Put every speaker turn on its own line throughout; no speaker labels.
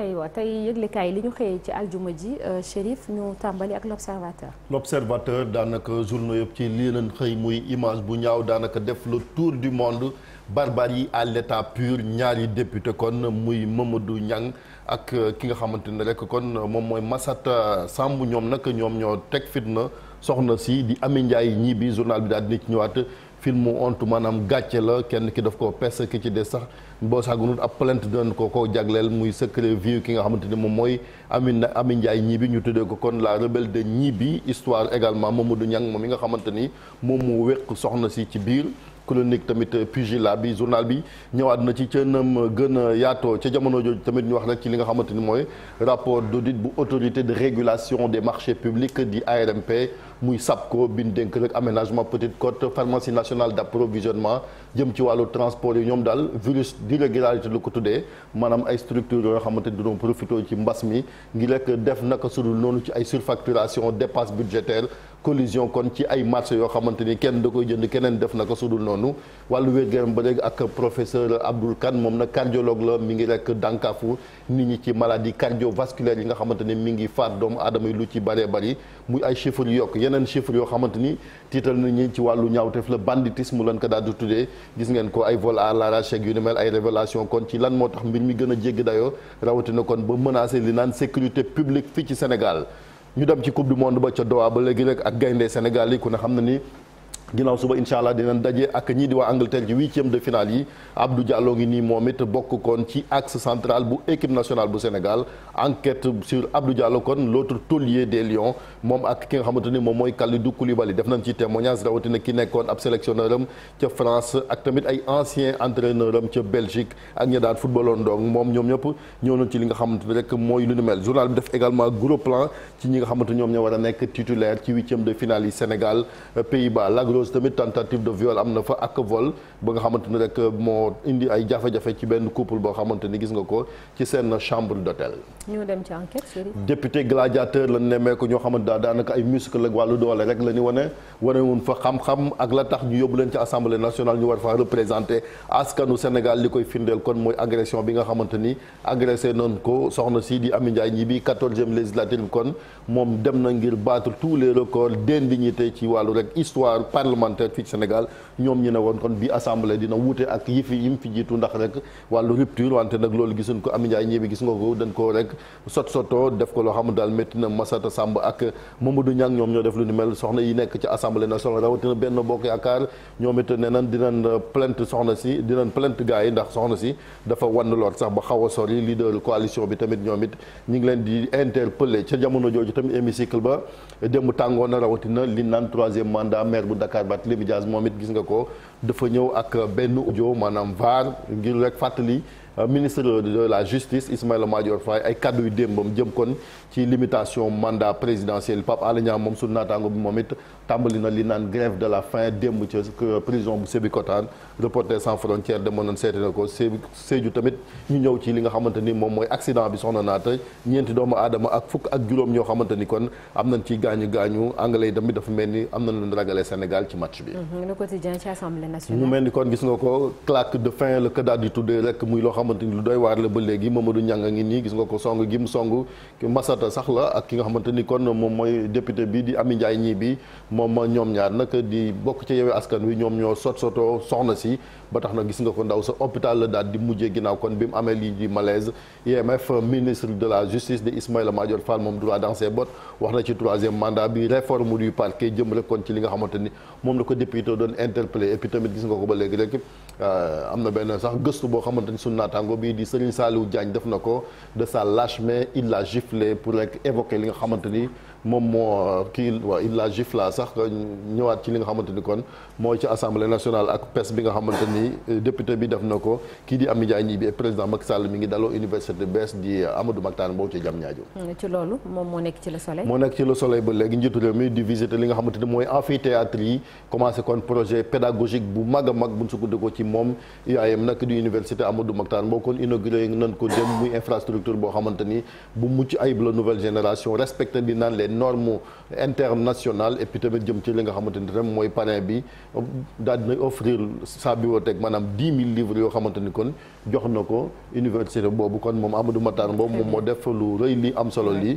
aywa tey yëglekaay li ñu xëyee ci aljuma ji euh, Chérif ñu tàmbali ak l'observateur l'observateur daanaka journaux yëpp ci lii lañ xëy muy image bu ñaaw daanaka def le tour du monde yi à l'état pur ñaari député kon muy du Niang ak euh, ki nga xamante ne rek kon euh, moom mooy Massata euh, Samb ñoom nag ñoom ñoo teg fitna soxna si di Ami Ndiaye ñii bi journal bi daal di ci ñëwaat filmu ontu maanaam gàcce la kenn ki daf koo pes ki ci des sax boo saagunut ab plainte doon ko ko jagleel muy secret vie ki nga xamante ni moom mooy na Ami Ndiaye ñibi ñu tuddee ko kon la rebelle de ñibi histoire également moom du Niang moom mi nga xamante ni moom mu wéq soxna si ci biir chronique tamit pugila bi journal bi ñëwaat na ci cënam gën a yaatoo ca jamono jooju tamit ñu wax nag ci li nga xamante ni mooy rapport d'audit bu autorité de régulation des marchés publics di ARMP muy SAPCO bi ñu dénk rek aménagement Petite Côte pharmacie nationale d'approvisionnement jëm ci wàllu transport yi ñoom daal virus d'irrégularité lu ko tuddee maanaam ay structures yoo xamante ni dañoo profité ci mbas mi ngi rek def naka sudul noonu ci ay surfacturation dépasse budgétaire collision kon ci ay marché yoo xamante ni kenn da koy jënd keneen def naka sudul noonu wàllu wér-gu-yaram ba léegi ak professeur Abdoul Kane moom nag cardiologue la mi ngi rek dànkaafu nit ñi ci maladie cardiovasculaire yi nga xamante ni mi ngi faat doomu aadama lu ci bëree bëri muy ay chiffres yeneen chiffres yoo xamante ni tiital nit ñi ci wàllu ñaawteef la banditisme lan ko daal di tuddee gis ngeen ko ay vol à l'arrache ak yu ni mel ay révélation kon ci lan moo tax mbir mi gën a jéggi dayoo rawatina kon ba menacer li naan sécurité publique fii ci Sénégal ñu dem ci coupe du monde ba ca Doha ba léegi rek ak gaynde Sénégal yi ku ne xam na ni ginnaaw suba incha allah dinañ daje ak ñii di waa Angleterre ci huitième de finale yi Abdou Diallo ngi nii moom it bokk kon ci axe central bu équipe nationale bu Sénégal enquête sur Abdou Diallo kon l'autre taulier des Lions moom ak ki nga xamante ni moom mooy Kalidou Koulibaly def nañ ci témoignage rawatina ki nekkoon ab sélectionneur ca France ak tamit ay ancien entraîneur ca Belgique ak ña daan footballoon donc moom ñoom ñëpp ñëw nañ ci li nga ni rek mooy Mermoz tamit tentative de viol am na fa ak vol ba nga xamante rek moo indi ay jafe-jafe ci benn couple boo xamante gis nga ko ci seen chambre d'hôtel. ñu dem ci enquête député gladiateur la nemmeeku ñoo xamante daa daanaka ay muscle ak wàllu doole rek la ñu wane wane wuñ fa xam-xam ak la tax ñu yóbbu leen ci assemblée nationale ñu war faa représenté askanu Sénégal li koy firndeel kon mooy agression bi nga xamante ni agressé noonu ko soxna si di Amy Ndiaye ñi bi quatorzième législative kon moom dem na ngir battre tous les records d'indignité ci wàllu rek parlementaire fii Sénégal ñoom ñu ne woon kon bi assemblée dina wuute ak yi fi yim fi jiitu ndax rek wàllu rupture wante nag loolu gisuñ ko Amy Ndiaye ñebe gis nga ko dañ koo rek sot soto def ko loo xam ne daal métti na Massata Samb ak Mamadou Niang ñoom ñoo def lu ni mel soxna yi nekk ci assemblée nationale rawatina benn bokk yaakaar ñoom it nee nañ dinañ plainte soxna a tamit ñoom ñu ngi leen di interpeller ca jamono jooju tamit hémicycle ba yaakaar Barthélémy Dias moom it gis nga ko dafa ñëw ak benn audio maanaam VAR ngir rek fàttali Euh, ministre de la justice Ismaïla Madior Faye ay kaddu démbam jëm kon ci limitation mandat présidentiel Pape Alé Niang moom suñu naataango bi moom it tàmbali na li naan grève de la faim démb ca prison bu Sébikotane Reporters sans frontières demoon nañ seeti na ko Sédhiou tamit ñu ñëw ci li nga xamante ni moom mooy accident bi soxna naata ñeenti doomu aadama ak fukk ak juróom ñoo xamante ni kon am nañ ci gaañu gaañu anglais yi dafa mel ni am nañ leen ragale xamante ni lu doy waar la ba léegi moom Mamadou Niang a ngi nii gis nga ko song gim song Masata sax la ak ki nga xamante ni kon moom mooy député bi di Ami Ndiaye ñii bi moom ñoom ñaar nag di bokk ci Yewwi Askan Wi ñoom ñoo sot sotoo soxna si ba tax na gis nga ko ndaw sa hôpital daal di mujjee ginnaaw kon bi mu amee lii di malaise IMF ministre de la justice de Ismaïla Madior Fall moom droit dans ses bottes wax na ci troisième mandat bi réforme du parquet jëm ci li nga xamante ni moom la ko député doon interpellé et puis tamit gis nga ko ba léegi rek Euh, am na benn sax gëstu boo xamante ni suñu naataango bii di Serigne Saliou Diagne def na ko de sa lâche mais il l'a giflé pour rek évoquer li nga xamante ni moom moo euh, kii waa il la gifla sax ñëwaat ci li nga xamante kon mooy ci assemblée nationale ak pes bi nga xamante euh, député bi def na ko kii di Amy Ndiaye Gniby président Macky Sall mi ngi euh, mm, mooy amphithéâtre yi kon projet pédagogique bu mag a mag bu ñu sukkandikoo ci moom UAM nag di université Amadou Mahtar Mbow kon inauguré nañ ko dem muy infrastructure boo xamante bu mucc ayib la nouvelle génération respecté di naan leen normes internationales et puis tamit jëm ci li nga xamante ni tam mooy parrain bi daal dina offrir sa bibliothèque maanaam dix mille livres yoo xamante ni kon jox na ko université boobu kon moom Amadou Matar Mbow moom moo def lu rëy lii am solo lii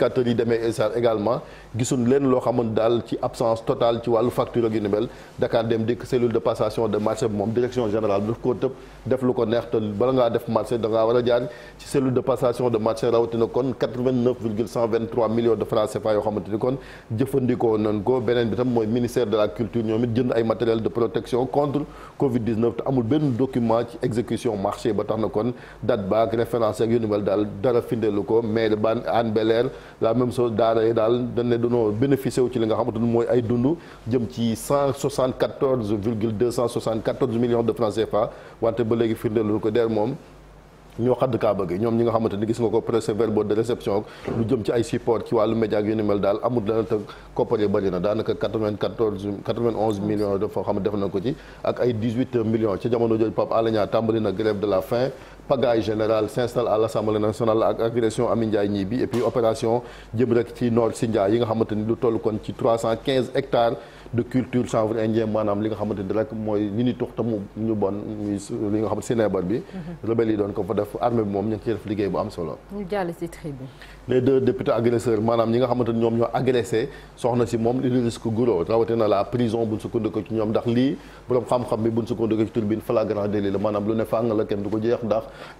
indicateurs yi demee ESAR également gisuñ leen loo xamante daal ci absence totale ci wàllu facture ak yu ni mel Dakar dem dikk cellule de passation de marché bi moom direction générale bi daf koo tëb def lu ko neex bala ngaa def marché da war a jaar ci cellule de passation de marché rawatina kon 89 de francs CFA yoo xamante ni jëfandikoo nañ ko beneen bi tam mooy ministère de la culture ñoom it jënd ay matériel de protection contre Covid 19 la même chose daara yi daal dañ ne dañoo bénéficié ci li nga xamante ni mooy ay dund jëm ci cent soixante quatorze virgule deux cent soixante quatorze millions de francs CFA wante ba léegi firndeelu ko der moom. ñoo xadd kaa bëgg ñoom ñi nga xamante ni gis nga ko procès verbal de réception lu jëm ci ay support ci wàllu média ak yu ni mel daal amul dana te koppar yi bëri na daanaka 94 91 millions de foo xam def nañ ko ci ak ay 18 millions jamono jooju Pape Alé Niang tàmbali na grève pagaille générale s'installe à l'Assemblée nationale agression Amin ñii bi et opération jëm rek ci Nord Sindia yi nga xamante lu toll kon ci 315 de culture chanvre indien maanaam li nga xamante ni mooy li ni tux tamu ñu bon li nga xamante sinébar bi mhm. rebelle yi doon ko fa def armée bi moom ñu ngi def liggéey bu am solo ñu jàll ci tribune maanaam ñi nga xamante ñoom ñoo agressé soxna si moom li lu ne fàng la kenn du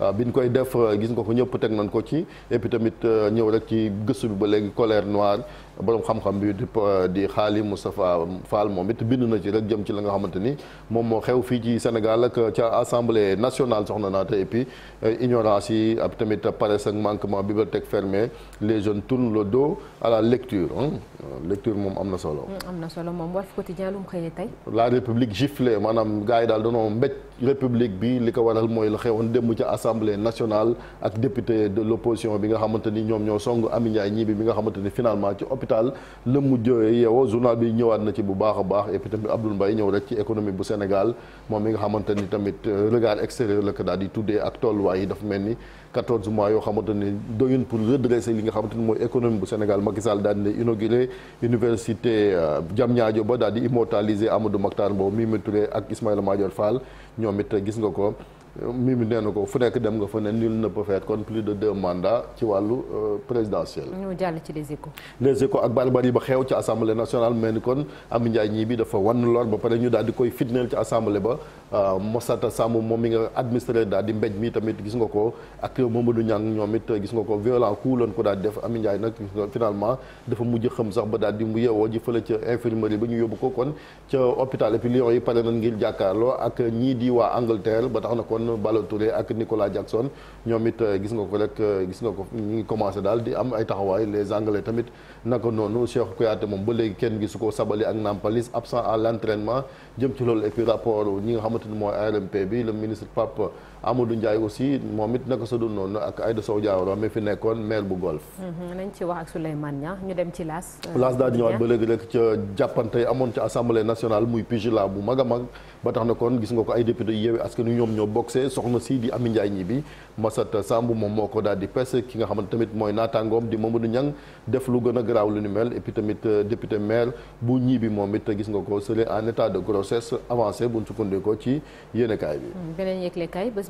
Euh, bi ñu koy def euh, gis nga ko ñëpp teg nañ ko ci et puis tamit euh, ñëw rek ci gëstu bi ba léegi colère noire borom xam-xam bi di eh, di xaali Moustapha Fall moom it bind na ci rek jëm ci la nga xamante ni moom moo xew fii ci Sénégal ak ca assemblée nationale soxna naata et puis eh, ignorance yi ak tamit paresse ak manquement bibliothèque fermée les jeunes tournent le dos à la lecture euh, lecture moom am na solo. Mm, am na solo moom Walf Quotidien lu mu xëyee tey. la république giflée maanaam gars yi daal danoo mbéj république bi li ko waral mooy la xewoon démb ci assemblée nationale ak député de l'opposition hôpital la mujj yeewoo journal bi ñëwaat na ci bu baax a baax et puis tamit Abdoul Mbaye ñëw rek ci économie bu Sénégal moom mi nga xamante ni tamit euh, regard extérieur la ko daal di tuddee ak tolluwaay yi dafa mel ni 14 mois yoo xamante ni doyun pour redresser li nga xamante ni mooy économie bu Sénégal Macky Sall daal di inauguré université euh, Diamniadio ba daal di immortaliser Amadou Mahtar Mbow mi Touré ak Ismaïla Madior Fall ñoom it gis nga ko. Mimi nee na ko fu nekk dem nga fa ne nul ne peut faire kon plus de deux ci wàllu euh, présidentiel. ñu jàll ci les échos. les échos ak barbarie ba xew ci assemblée nationale mel ni kon Amy ñii bi dafa wan lor ba pare ñu daal di koy fitneel ci assemblée ba euh, Moussata Samb moom mi nga administré daal di mbéj mi tamit gis nga ko ak Mamadou Niang ñoom it gis nga ko violent ku loon ko daal di def Amy Ndiaye nag finalement dafa mujj xam sax ba daal di mu yeewoo Ballo Touré ak Nicolas Jackson ñoom it euh, gis nga ko rek euh, gis nga ko ñu ngi commencé daal di am ay taxawaay les anglais tamit naka noonu Cheikh Kouyaté moom ba léegi kenn gisu ko Sabaly ak Nampalis absent à l' entraînement jëm ci loolu et puis rapport ñi nga xamante ni mooy ARMP bi le ministre Pape Amadou Ndiaye aussi moom it naka sa dul noonu ak Aïda Sow Diawara mi fi nekkoon maire bu golf mhm, Laas. Euh, Laas daal di ñëwaat ba léegi rek ca jàppante amoon ca assemblée nationale muy pigila bu mag a mag ba tax na kon gis nga ko ay député yeewee askan wi ñoom ñoo boxe soxna si di Ami Ndiaye ñi bi Samb moom moo ko daal di pes ki nga xamante tamit mooy naataangoom di Mamadou Niang def lu gën a garaaw lu ni mel et tamit euh, député maire bu ñii moom it gis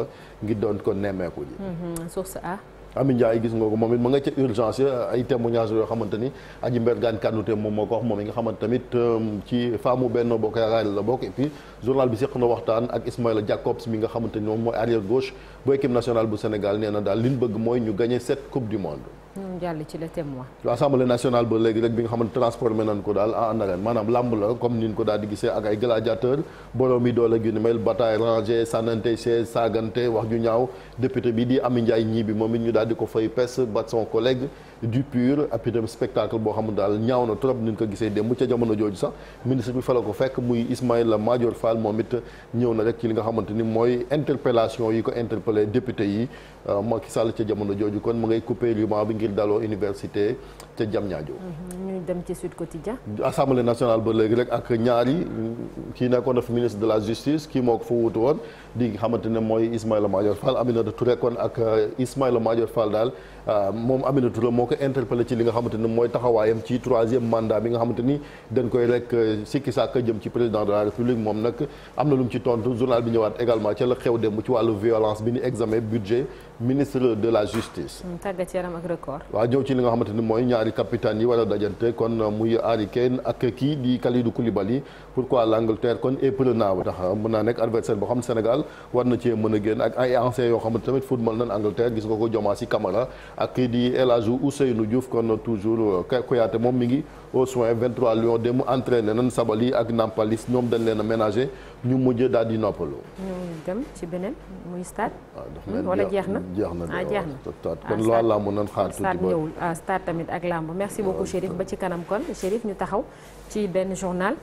fa ngir doon ko nemmeeku ji. Mhm, source A. Ami Ndiaye gis nga ko moom it ma nga ca urgence ay témoignages yoo xamante ni aji Mbergane Kanouté moom moo ko wax moom mi nga xamante tamit euh, ci faamu benn bokk yaakaar la bokk et puis journal bi seq na waxtaan ak Ismaïla Jacobs mi nga xamante moom mooy arrière gauche bu équipe nationale bu Sénégal nee daal li bëgg mooy ñu gagné sept coupe du monde. ñu jàll ci le témoin. l'Assemblée nationale ba léegi rek bi nga xamante transformé nañ ko daal en arène maanaam làmb la comme ni ñu ko daal di gisee ak ay gladiateur borom yi doole gi ni mel bataille rangée sànnante chaise saagante wax ju ñaaw député bi di Amy Ndiaye ñii bi moom it ñu daal di ko fay pes bat son collègue. du pur ak itam spectacle boo xam ne daal ñaaw na trop ni ko gisee démb ca jamono jooju sax ministre bi fa ko fekk muy Ismaïla Madior Fall moom it ñëw na rek ci li nga xamante ni mooy interpellation yi ko interpellé député yi euh, Macky Sall ca jamono jooju kon mu ngay coupé ruban bi ngir daloo université ca Diamniadio. Mhm, ñu dem ci Sud Quotidien. assemblée nationale ba léegi rek ak ñaari kii nekkoon fi ministre de la justice kii moo ko fa wutu woon. di nga xamante ne mooy Ismaïla Madior Fall Aminata Touré kon ak euh, Ismaïla Madior Fall daal euh, moom Aminata Touré moo ko interpellé li nga xamante ne mooy taxawaayam ci troisième mandat bi nga xamante ni dañ koy rek euh, sikki sàkka jëm ci président de la république moom nag am na lu mu ci tontu journal bi ñëwaat également ca la xew démb ci wàllu violence bi ñu examen budget ministre de la justice. Mm, tàggat ñëw ci li nga xamante ni mooy ñaari capitaine yi war a dajante kon muy Harry Kane ak kii di Kalidou Koulibaly pourquoi l'Angleterre Sénégal war na cee mën a génn ak ay anciens yoo xamante tamit football nan Angleterre gis nga ko Joma si Camara ak kii di El Hadj Ousseynou Diouf kon toujours euh, Kouyaté moom mi ngi au soin 23 Lions dem entraîné nan Sabali ak Nampalis ñoom dañ leen a ménagé ñu mujj daal di noppalu. ñu dem ci beneen muy stade. Ah, hmm, wala jeex na jeex na ah, ah kon laa mun nan xaar tuuti ñëwul ah, stade tamit ak lamb merci beaucoup Chérif ba ci kanam kon Chérif ñu taxaw ci benn journal.